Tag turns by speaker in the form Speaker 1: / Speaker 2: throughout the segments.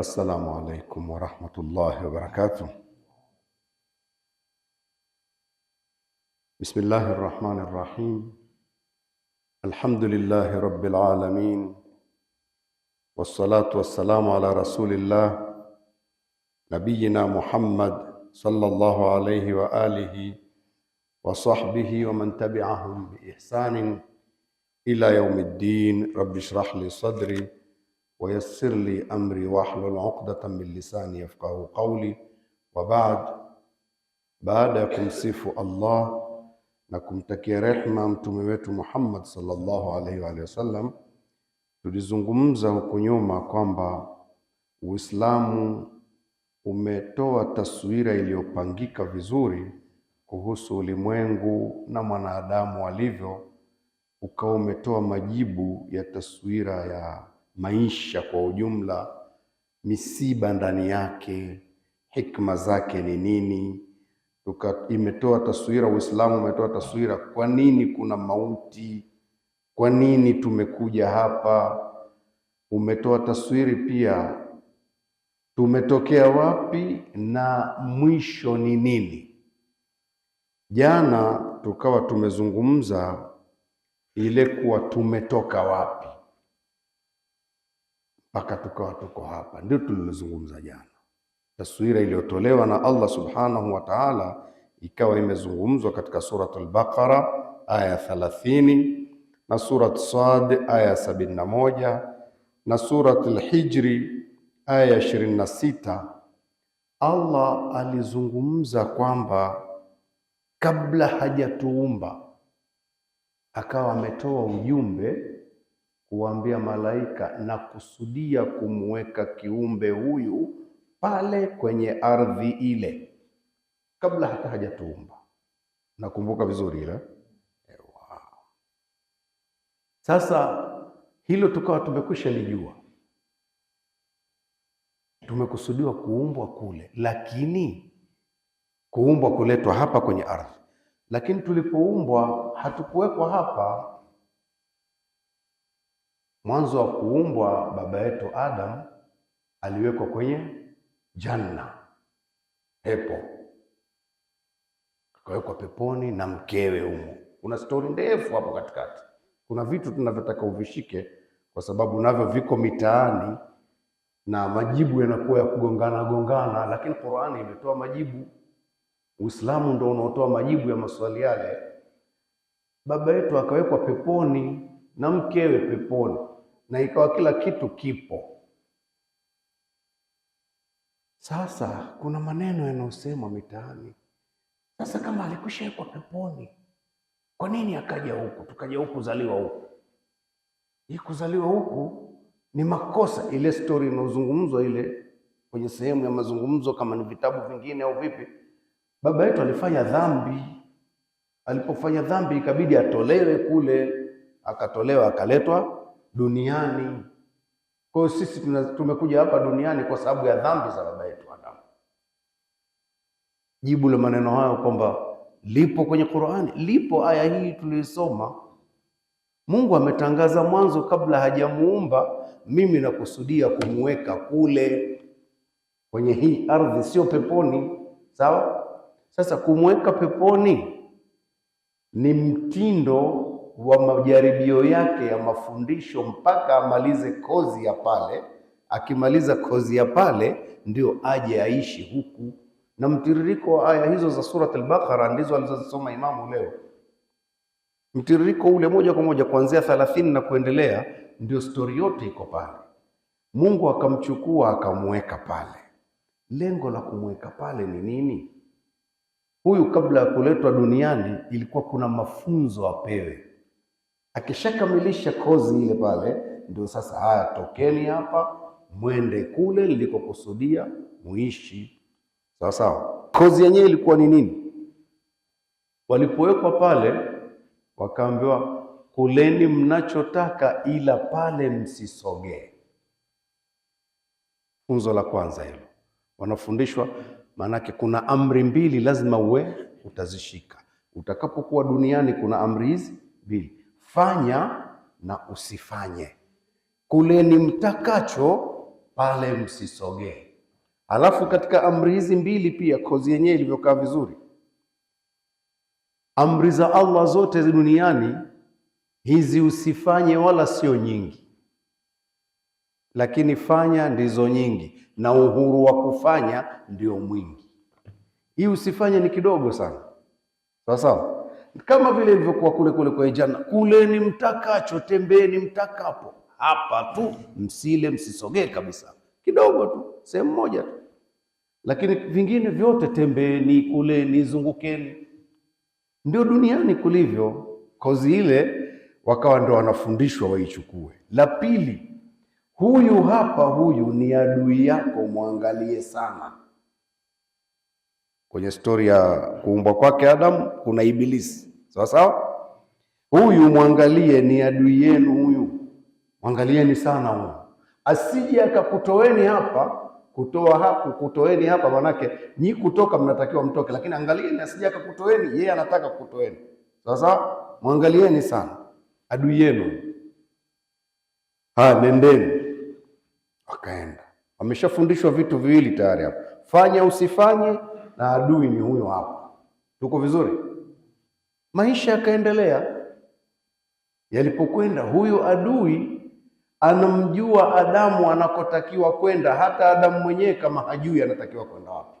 Speaker 1: السلام عليكم ورحمة الله وبركاته. بسم الله الرحمن الرحيم. الحمد لله رب العالمين والصلاة والسلام على رسول الله نبينا محمد صلى الله عليه وآله وصحبه ومن تبعهم بإحسان إلى يوم الدين رب اشرح لي صدري wayassir li amri wahlul uqdatan min lisani yafqahu qawli. Wa baad, baada ya kumsifu Allah na kumtakia rehma mtume wetu Muhammad sallallahu alaihi wa alihi tulizungumza huku nyuma kwamba Uislamu umetoa taswira iliyopangika vizuri kuhusu ulimwengu na mwanadamu alivyo, ukawa umetoa majibu ya taswira ya maisha kwa ujumla, misiba ndani yake, hikma zake ni nini? Tuka, imetoa taswira, Uislamu umetoa taswira, kwa nini kuna mauti, kwa nini tumekuja hapa. Umetoa taswiri pia tumetokea wapi na mwisho ni nini. Jana tukawa tumezungumza ile kuwa tumetoka wapi mpaka tukawa tuko hapa. Ndio tulilozungumza jana. Taswira iliyotolewa na Allah subhanahu wa ta'ala ikawa imezungumzwa katika al Baqara aya 30 na Surat Sad aya sabini na al Hijri aya 26. Allah alizungumza kwamba kabla hajatuumba akawa ametoa ujumbe kuambia malaika na kusudia kumweka kiumbe huyu pale kwenye ardhi ile kabla hata hajatuumba. Nakumbuka vizuri ile. Eh, Sasa hilo tukawa tumekwisha lijua, tumekusudiwa kuumbwa kule, lakini kuumbwa kuletwa hapa kwenye ardhi, lakini tulipoumbwa hatukuwekwa hapa Mwanzo wa kuumbwa baba yetu Adam aliwekwa kwenye janna, pepo, akawekwa peponi na mkewe humo. Kuna stori ndefu hapo katikati. Kuna vitu tunavyotaka uvishike, kwa sababu navyo viko mitaani na majibu yanakuwa ya kugongana gongana, lakini Qur'ani imetoa majibu. Uislamu ndio unaotoa majibu ya maswali yale. Baba yetu akawekwa peponi na mkewe peponi na ikawa kila kitu kipo. Sasa kuna maneno yanayosema mitaani, sasa kama alikushawekwa peponi, kwa nini akaja huku? Tukaja huku zaliwa huku, hii kuzaliwa huku ni makosa. Ile stori inayozungumzwa ile kwenye sehemu ya mazungumzo, kama ni vitabu vingine au vipi, baba yetu alifanya dhambi. Alipofanya dhambi, ikabidi atolewe kule, akatolewa akaletwa duniani. Kwa hiyo sisi tumekuja hapa duniani kwa sababu ya dhambi za baba yetu Adamu. Jibu la maneno hayo kwamba lipo kwenye Qur'ani, lipo aya hii tuliyosoma Mungu ametangaza mwanzo, kabla hajamuumba, mimi nakusudia kumweka kule kwenye hii ardhi, sio peponi. Sawa? Sasa kumweka peponi ni mtindo wa majaribio yake ya mafundisho mpaka amalize kozi ya pale. Akimaliza kozi ya pale ndio aje aishi huku, na mtiririko wa aya hizo za Surat al-Baqara ndizo alizozisoma Imamu leo. Mtiririko ule moja kwa moja kuanzia thalathini na kuendelea, ndio stori yote iko pale. Mungu akamchukua akamweka pale. Lengo la kumweka pale ni nini? Huyu kabla ya kuletwa duniani ilikuwa kuna mafunzo apewe Akishakamilisha kozi ile pale, ndio sasa, haya, tokeni hapa mwende kule nilikokusudia muishi. Sawa sawa. Kozi yenyewe ilikuwa ni nini? Walipowekwa pale, wakaambiwa kuleni mnachotaka, ila pale msisogee. Funzo la kwanza hilo wanafundishwa, maanake kuna amri mbili lazima uwe utazishika utakapokuwa duniani. Kuna amri hizi mbili fanya na usifanye, kule ni mtakacho, pale msisogee. Alafu katika amri hizi mbili pia kozi yenyewe ilivyokaa vizuri, amri za Allah zote duniani hizi usifanye wala sio nyingi, lakini fanya ndizo nyingi na uhuru wa kufanya ndio mwingi. Hii usifanye ni kidogo sana, sawa sawa kama vile ilivyokuwa kule kule kwa jana, kule ni mtakacho, tembeeni mtakapo, hapa tu msile, msisogee kabisa, kidogo tu, sehemu moja tu, lakini vingine vyote tembeeni, kuleni, zungukeni. Ndio duniani kulivyo. Kozi ile wakawa ndo wanafundishwa waichukue. La pili, huyu hapa, huyu ni adui yako, mwangalie sana. Kwenye stori ya kuumbwa kwake Adamu kuna Ibilisi Sawa sawa? Huyu mwangalie, ni adui yenu huyu, mwangalieni sana huyu, asije akakutoeni hapa kutoa hapo kutoeni hapa, manake nyi kutoka mnatakiwa mtoke, lakini angalieni asije akakutoeni yeye, anataka kutoeni. Sasa mwangalieni sana adui yenu. Haya, nendeni. Wakaenda, wameshafundishwa vitu viwili tayari hapa, fanya usifanye, na adui ni huyo hapa. Tuko vizuri? Maisha yakaendelea. Yalipokwenda, huyo adui anamjua Adamu anakotakiwa kwenda, hata Adamu mwenyewe kama hajui anatakiwa kwenda wapi.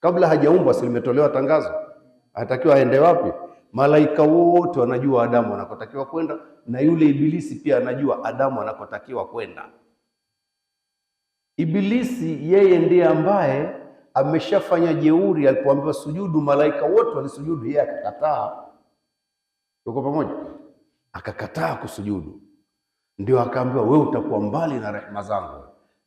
Speaker 1: Kabla hajaumbwa, si limetolewa tangazo, anatakiwa aende wapi? Malaika wote wanajua Adamu anakotakiwa kwenda, na yule Ibilisi pia anajua Adamu anakotakiwa kwenda. Ibilisi yeye ndiye ambaye ameshafanya jeuri. Alipoambiwa sujudu, malaika wote walisujudu, yeye akakataa Tuko pamoja? Akakataa kusujudu, ndio akaambiwa wewe utakuwa mbali na rehema zangu.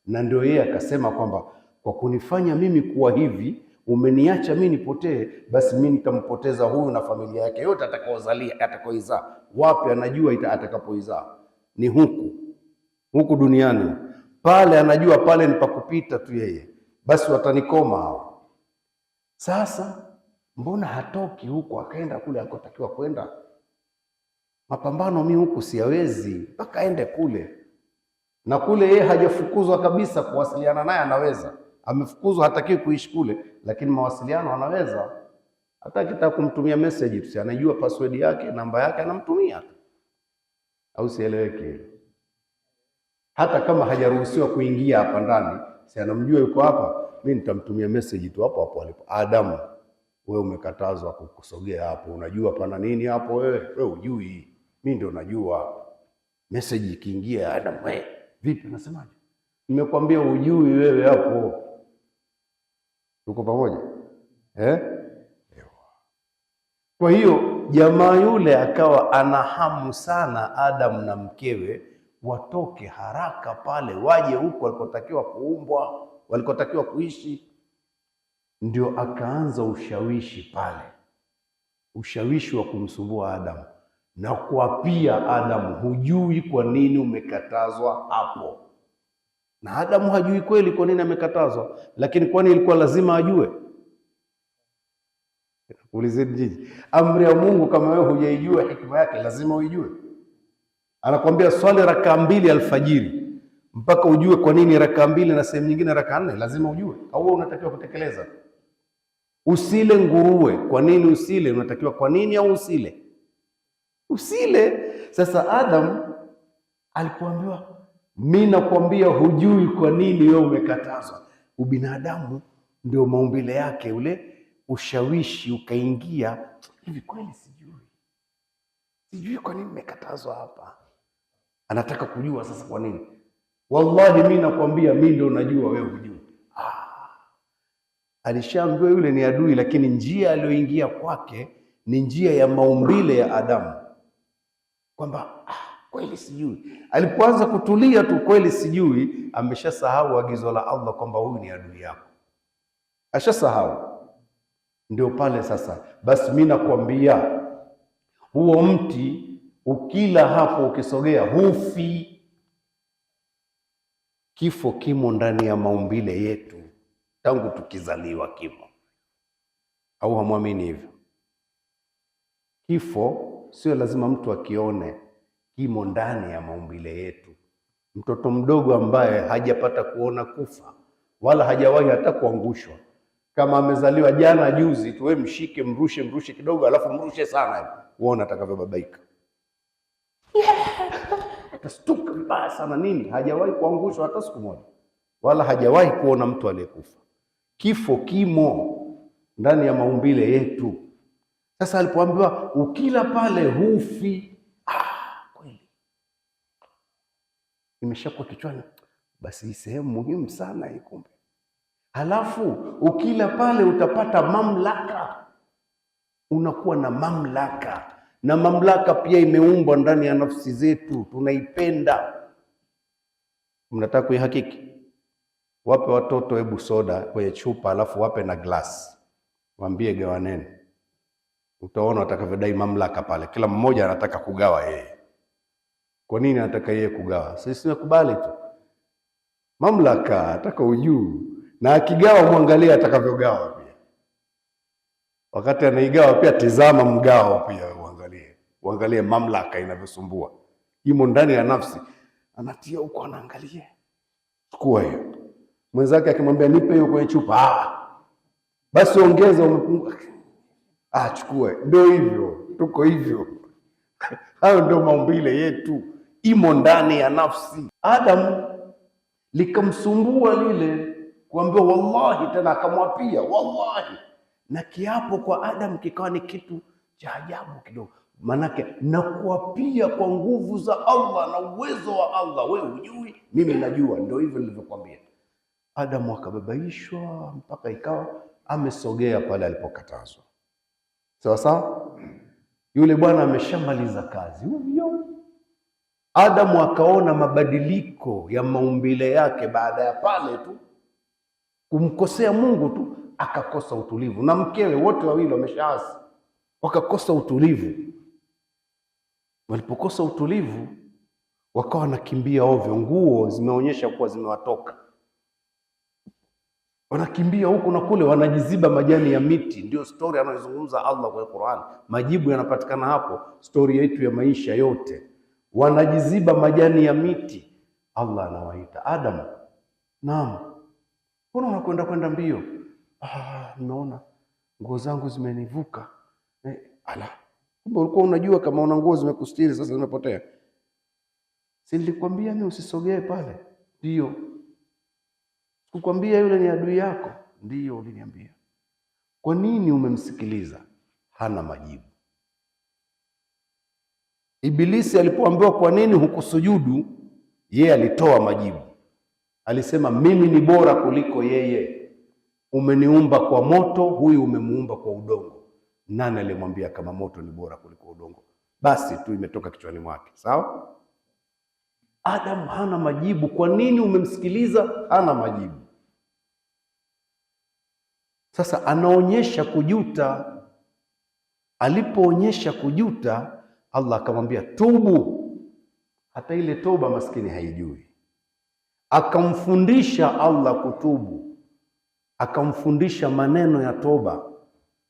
Speaker 1: Na ndio yeye akasema kwamba kwa kunifanya mimi kuwa hivi, umeniacha mimi nipotee, basi mimi nitampoteza huyu na familia yake yote atakaozalia, atakaoizaa. Wapi anajua atakapoizaa ni huku huku duniani, pale anajua pale ni pakupita tu yeye, basi watanikoma hao. Sasa mbona hatoki huku akaenda kule akotakiwa kwenda? mapambano mi huku siyawezi, mpaka aende kule. Na kule yeye hajafukuzwa kabisa, kuwasiliana naye anaweza. Amefukuzwa, hataki kuishi kule, lakini mawasiliano anaweza. Hata akitaka kumtumia message tu, anajua password yake, namba yake, anamtumia. Au sieleweke? Hata kama hajaruhusiwa kuingia hapa ndani, si anamjua yuko hapa, mi nitamtumia message tu hapo hapo alipo. Adamu, wewe umekatazwa kukusogea hapo, unajua pana nini hapo? Wewe wewe ujui hii mi ndio najua meseji ikiingia ya Adamu vipi, unasemaje? Nimekwambia ujui wewe, hapo tuko pamoja eh? Kwa hiyo jamaa yule akawa ana hamu sana Adamu na mkewe watoke haraka pale, waje huko walikotakiwa kuumbwa, walikotakiwa kuishi. Ndio akaanza ushawishi pale, ushawishi wa kumsumbua Adamu na kuapia Adamu, hujui kwa nini umekatazwa hapo. Na Adamu hajui kweli kwa nini amekatazwa, lakini kwani ilikuwa lazima ajue? Ulizeni jiji amri ya Mungu, kama wewe hujaijua hikima yake, lazima uijue. Anakuambia swali raka mbili alfajiri, mpaka ujue kwa nini raka mbili na sehemu nyingine raka nne, lazima ujue, au unatakiwa kutekeleza. Usile nguruwe, kwa nini usile? Unatakiwa kwa nini au usile usile. Sasa Adam alipoambiwa, mi nakwambia, hujui kwa nini wewe umekatazwa. Ubinadamu ndio maumbile yake, ule ushawishi ukaingia hivi, kweli sijui, sijui kwa nini nimekatazwa hapa. Anataka kujua sasa kwa nini. Wallahi mi nakwambia, mi ndio najua, wewe hujui. Ah, alishaambiwa yule ni adui, lakini njia aliyoingia kwake ni njia ya maumbile ya Adamu kwamba ah, kweli sijui. Alipoanza kutulia tu, kweli sijui, ameshasahau agizo la Allah kwamba huyu ni adui yako, ashasahau. Ndio pale sasa, basi mimi nakwambia huo mti ukila hapo, ukisogea hufi. Kifo kimo ndani ya maumbile yetu tangu tukizaliwa, kimo au hamwamini hivyo? Kifo sio lazima mtu akione, kimo ndani ya maumbile yetu. Mtoto mdogo ambaye hajapata kuona kufa wala hajawahi hata kuangushwa, kama amezaliwa jana juzi tu, wewe mshike, mrushe, mrushe kidogo, alafu mrushe sana, uone atakavyobabaika. Atastuka mbaya sana. Nini? Hajawahi kuangushwa hata siku moja, wala hajawahi kuona mtu aliyekufa. Kifo kimo ndani ya maumbile yetu. Sasa alipoambiwa ukila pale hufi, ah, kweli imeshakuwa kichwani, basi hii sehemu muhimu sana hii kumbe. Halafu ukila pale utapata mamlaka, unakuwa na mamlaka na mamlaka pia imeumbwa ndani ya nafsi zetu, tunaipenda. Mnataka kuihakiki? Wape watoto, hebu soda kwenye chupa, alafu wape na glasi, waambie gawaneni. Utaona watakavyodai mamlaka pale, kila mmoja anataka kugawa yeye. Kwa nini anataka yeye kugawa? Sisi nakubali tu mamlaka, ataka ujuu, na akigawa mwangalie atakavyogawa pia. Wakati anaigawa pia tizama mgao pia, uangalie uangalie mamlaka inavyosumbua, imo ndani ya nafsi, anatia huko, anaangalia, chukua hiyo. Mwenzake akimwambia nipe hiyo kwenye chupa, ah, basi ongeza, umepunguka achukue. chukue. Ndio hivyo, tuko hivyo. Hayo ndio maumbile yetu, imo ndani ya nafsi. Adam likamsumbua lile kuambia wallahi, tena akamwapia wallahi, na kiapo kwa Adam kikawa ni kitu cha ajabu kidogo Manake kuapia kwa nguvu za Allah na uwezo wa Allah, we hujui, mimi najua. Ndio hivyo nilivyokuambia. Adamu akababaishwa mpaka ikawa amesogea pale alipokatazwa. Sawa sawa. Yule bwana ameshamaliza kazi hivyo. Adamu akaona mabadiliko ya maumbile yake baada ya pale tu kumkosea Mungu tu, akakosa utulivu, na mkewe wote wawili wameshaasi, wakakosa utulivu. Walipokosa utulivu, wakawa wanakimbia ovyo, nguo zimeonyesha kuwa zimewatoka wanakimbia huku na kule, wanajiziba majani ya miti. Ndio stori anayozungumza Allah kwenye Qur'an. Majibu yanapatikana hapo, stori yetu ya maisha yote. Wanajiziba majani ya miti, Allah anawaita Adam, naam, mbona unakwenda kwenda mbio? Ah, naona nguo zangu zimenivuka. Eh, ala, kumbe ulikuwa unajua kama una nguo zimekustiri, sasa zimepotea. Si nilikwambia mimi usisogee pale? Ndio Sikukwambia yule ni adui yako? Ndiyo, uliniambia. Kwa nini umemsikiliza? Hana majibu. Ibilisi alipoambiwa kwa nini hukusujudu, yeye alitoa majibu. Alisema, mimi ni bora kuliko yeye, umeniumba kwa moto, huyu umemuumba kwa udongo. Nani aliyemwambia kama moto ni bora kuliko udongo? Basi tu imetoka kichwani mwake. Sawa, Adamu hana majibu. Kwa nini umemsikiliza? Hana majibu. Sasa anaonyesha kujuta. Alipoonyesha kujuta, Allah akamwambia tubu. Hata ile toba maskini haijui, akamfundisha Allah kutubu, akamfundisha maneno ya toba.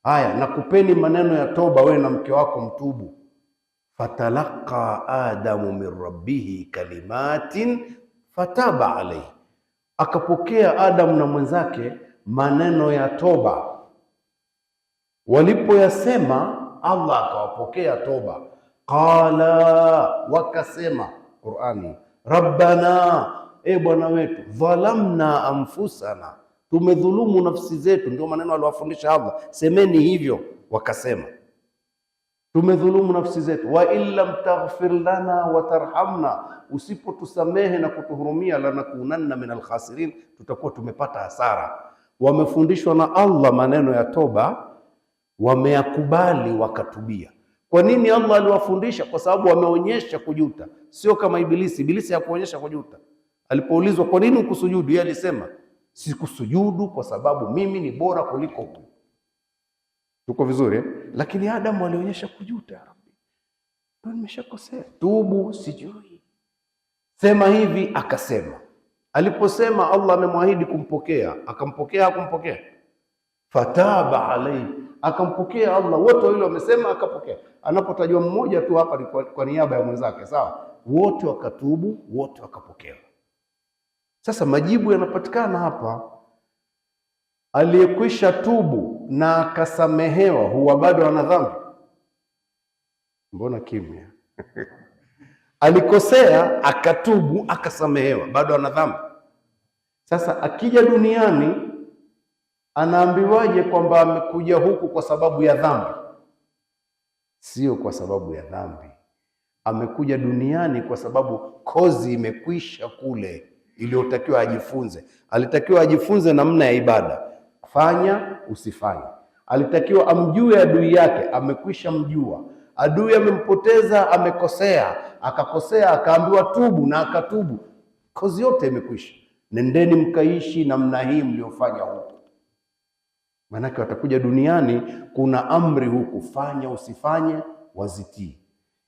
Speaker 1: Haya, nakupeni maneno ya toba, wewe na mke wako mtubu. Fatalaqa Adamu min rabbihi kalimatin fataba alaihi, akapokea Adamu na mwenzake maneno ya toba. Walipoyasema, Allah akawapokea toba. Qala, wakasema Qurani, rabbana, e bwana wetu, dhalamna anfusana, tumedhulumu nafsi zetu. Ndio maneno aliwafundisha Allah, semeni hivyo. Wakasema tumedhulumu nafsi zetu, wa in lam taghfir lana wa tarhamna, usipotusamehe na kutuhurumia, lanakunanna min alkhasirin, tutakuwa tumepata hasara wamefundishwa na Allah maneno ya toba, wameyakubali wakatubia. Kwa nini Allah aliwafundisha? Kwa sababu wameonyesha kujuta, sio kama Ibilisi. Ibilisi hakuonyesha kujuta. Alipoulizwa kwa nini ukusujudu, yeye alisema sikusujudu kwa sababu mimi ni bora kuliko hu. Tuko vizuri, lakini Adamu alionyesha kujuta, Rabbi, nimeshakosea, tubu, sijui sema hivi, akasema aliposema Allah amemwahidi kumpokea, akampokea akumpokea, Fataba alaihi, akampokea Allah. Wote wawili wamesema, akapokea. Anapotajwa mmoja tu hapa ni kwa niaba ya mwenzake, sawa? Wote wakatubu, wote wakapokea. Sasa majibu yanapatikana hapa. Aliyekwisha tubu na akasamehewa huwa bado ana dhambi? Mbona kimya? Alikosea akatubu akasamehewa, bado ana dhambi? Sasa akija duniani anaambiwaje kwamba amekuja huku kwa sababu ya dhambi? Sio kwa sababu ya dhambi, amekuja duniani kwa sababu kozi imekwisha kule iliyotakiwa ajifunze. Alitakiwa ajifunze namna ya ibada, fanya usifanye. Alitakiwa amjue adui yake, amekwisha mjua. Adui amempoteza, amekosea, akakosea, akaambiwa tubu na akatubu. Kozi yote imekwisha nendeni mkaishi namna hii mliofanya huku. Maanake watakuja duniani, kuna amri huku, fanya usifanye, wazitii.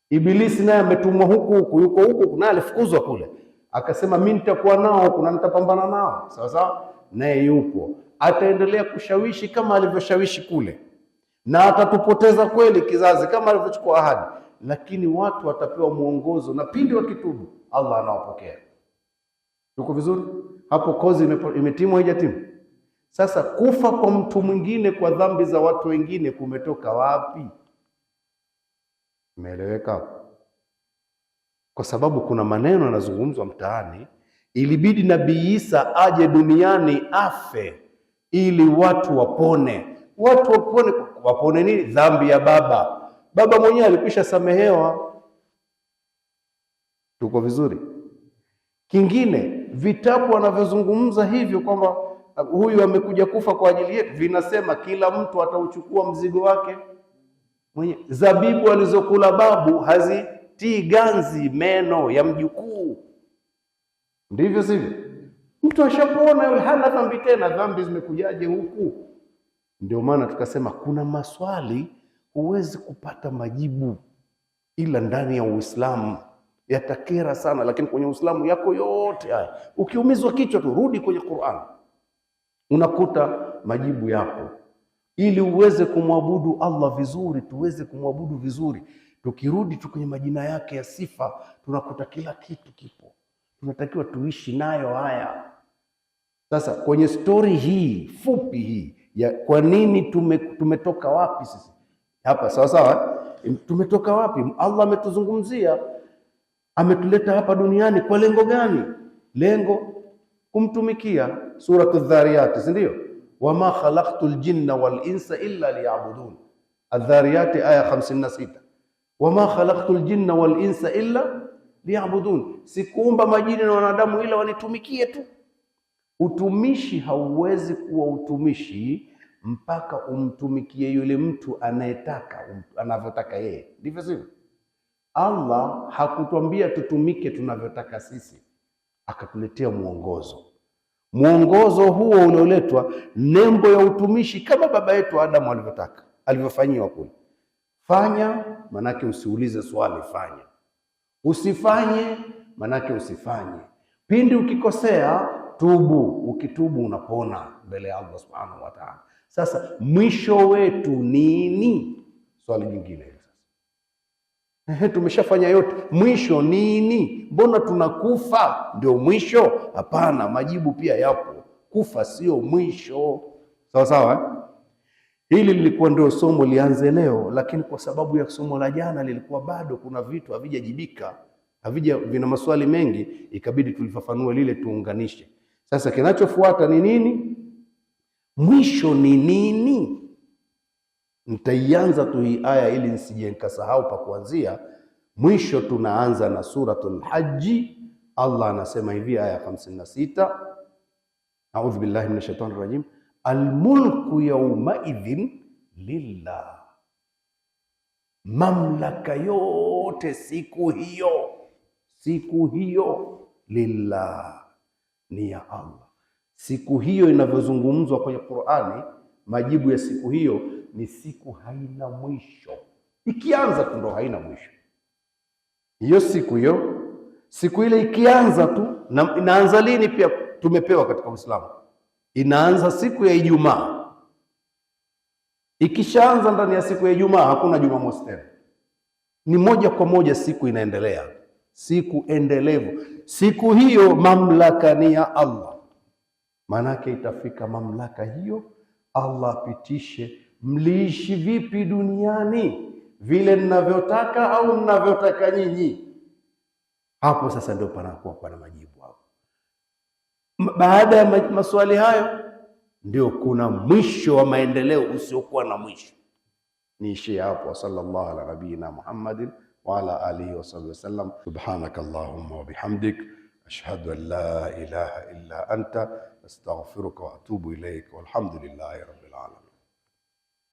Speaker 1: Ibilisi naye ametumwa huku huku, yuko huku, naye alifukuzwa kule, akasema mi nitakuwa nao kuna, nitapambana nao sawa sawa, naye yupo, ataendelea kushawishi kama alivyoshawishi kule, na atatupoteza kweli kizazi kama alivyochukua ahadi, lakini watu watapewa mwongozo, na pindi wakitubu, Allah anawapokea. Tuko vizuri hapo? Kozi imetimwa, haijatimu? Sasa kufa kwa mtu mwingine kwa dhambi za watu wengine kumetoka wapi? Umeeleweka? Kwa sababu kuna maneno yanazungumzwa mtaani, ilibidi Nabii Isa aje duniani afe ili watu wapone. Watu wapone, wapone nini? Dhambi ya baba. Baba mwenyewe alikwisha samehewa. Tuko vizuri? Kingine vitabu wanavyozungumza hivyo kwamba uh, huyu amekuja kufa kwa ajili yetu, vinasema kila mtu atauchukua mzigo wake mwenye. Zabibu alizokula babu hazitii ganzi meno ya mjukuu, ndivyo sivyo? Mtu ashapoona yule, hana dhambi tena, dhambi zimekujaje huku? Ndio maana tukasema kuna maswali huwezi kupata majibu ila ndani ya Uislamu yatakera sana, lakini kwenye Uislamu yako yote haya. Ukiumizwa kichwa tu, rudi kwenye Qur'an, unakuta majibu yapo, ili uweze kumwabudu Allah vizuri, tuweze kumwabudu vizuri. Tukirudi tu kwenye majina yake ya sifa, tunakuta kila kitu kipo, tunatakiwa tuishi nayo haya. Sasa kwenye stori hii fupi hii ya kwa nini tume, tumetoka wapi sisi hapa, sawa sawa, tumetoka wapi? Allah ametuzungumzia ametuleta hapa duniani kwa lengo gani? Lengo kumtumikia. Suratu Dhariyati, si ndio? wama jinna ljinna walinsa illa liyabudun. Adhariyati aya 56, wama jinna ljinna walinsa illa liyabudun, sikuumba majini na wanadamu ila wanitumikie tu. Utumishi hauwezi kuwa utumishi mpaka umtumikie yule mtu anayetaka, anavyotaka yeye, ndivyo sivyo? Allah hakutwambia tutumike tunavyotaka sisi, akatuletea mwongozo. Mwongozo huo ulioletwa nembo ya utumishi, kama baba yetu Adamu alivyotaka, alivyofanyiwa kule. Fanya manake usiulize swali, fanya. Usifanye manake usifanye. Pindi ukikosea tubu, ukitubu unapona mbele ya Allah subhanahu wa ta'ala. Sasa mwisho wetu nini? Swali jingine Tumeshafanya yote, mwisho nini? Mbona tunakufa ndio mwisho? Hapana, majibu pia yapo. Kufa sio mwisho, sawa sawa. Eh? Hili lilikuwa ndio somo lianze leo, lakini kwa sababu ya somo la jana lilikuwa bado kuna vitu havijajibika, havija vina maswali mengi, ikabidi tulifafanue lile, tuunganishe. Sasa kinachofuata ni nini? Mwisho ni nini? Nitaianza tu hii aya ili nisije nikasahau pa kuanzia mwisho. Tunaanza na suratul Haji. Allah anasema hivi, aya ya 56, audhu billahi minash shaitani rajim, almulku yaumaidhin lillah, mamlaka yote siku hiyo, siku hiyo lillah, ni ya Allah. Siku hiyo inavyozungumzwa kwenye Qur'ani, majibu ya siku hiyo ni siku haina mwisho. Ikianza tu ndo haina mwisho, hiyo siku hiyo. Siku ile ikianza tu na inaanza lini? Pia tumepewa katika Uislamu, inaanza siku ya Ijumaa. Ikishaanza ndani ya siku ya Ijumaa hakuna Jumamosi tena, ni moja kwa moja siku inaendelea, siku endelevu. Siku hiyo mamlaka ni ya Allah, maanake itafika mamlaka hiyo Allah apitishe mliishi vipi duniani, vile mnavyotaka au mnavyotaka nyinyi? Hapo sasa ndio panakuwa pana majibu hapo. Baada ya maswali hayo, ndio kuna mwisho wa maendeleo usiokuwa na mwisho. Niishie hapo. Sallallahu ala nabiyina Muhammadin wa ala alihi wa sahbihi wasallam. Subhanaka allahumma wa bihamdik ashhadu an la ilaha illa anta astaghfiruka wa atubu ilaik, walhamdulillahi rabbil alamin.